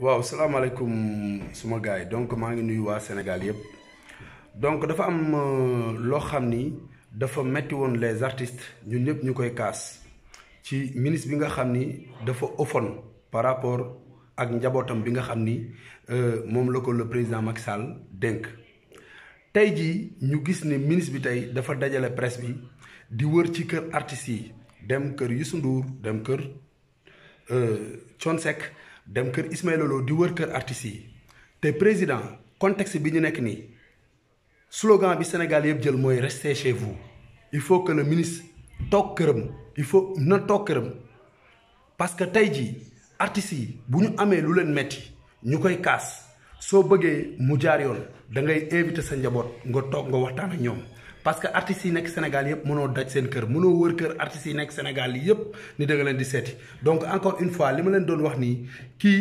waaw salaamaaleykum suma gars yi donc maa ngi nuyu waa Sénégal yëpp donc dafa am euh, loo xam ni dafa metti woon les artistes ñun ñëpp ñu koy kaas ci ministre bi nga xam ni dafa ofon par rapport ak njabootam bi nga xam ni euh, moom la ko le président Macky dénk tey jii ñu gis ne ministre bi tey dafa dajale presse bi di wër ci artistes dem kër Youssou Ndour dem kër chonsek. Euh, Seck dem kër Ismaïla Lô di wër kër artiste yi te président contexte bi ñu nekk ni slogan bi Sénégal yëpp jël mooy restez chez vous il faut que le ministre toog këram il faut na toog këram parce que tay ji artiste yi bu ñu amee lu leen metti ñu koy kaas soo bëggee mu jaar yoon da ngay invité sa njaboot nga toog nga waxtaan ak ñoom parce que artistes yi nek Sénégal yépp mëno daj sen kër mëno wër kër artistes yi nek Sénégal yépp ni da nga leen di séti donc encore une fois li ma leen doon wax ni ki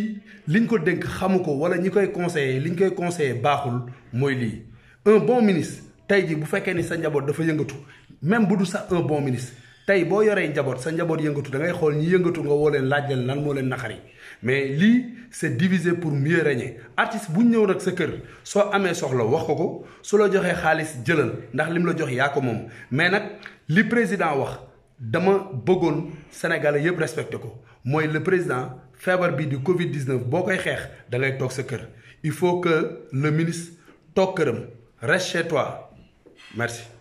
liñ ko dénk xamuko wala ñi koy conseiller liñ koy conseiller baaxul mooy lii un bon ministre tay jii bu fekkee ni sa njaboot dafa yëngatu même bu du sax un bon ministre tay bo yoré njaboot sa njaboot yëngatu da ngay xol ñi yëngatu nga wolé leen lan mo leen naxari mais li c'est divisé pour mieux régner artiste bu ñëw nak sa kër so amé soxla wax ko ko su la joxee xaalis jëlal ndax lim la jox ya ko mom mais nak li président wax dama bëggoon sénégalais yëpp respecté ko mooy le président feebar bi du Covid 19 boo koy xeex da ngay toog sa kër il faut que le ministre toog këram reste chez toi merci.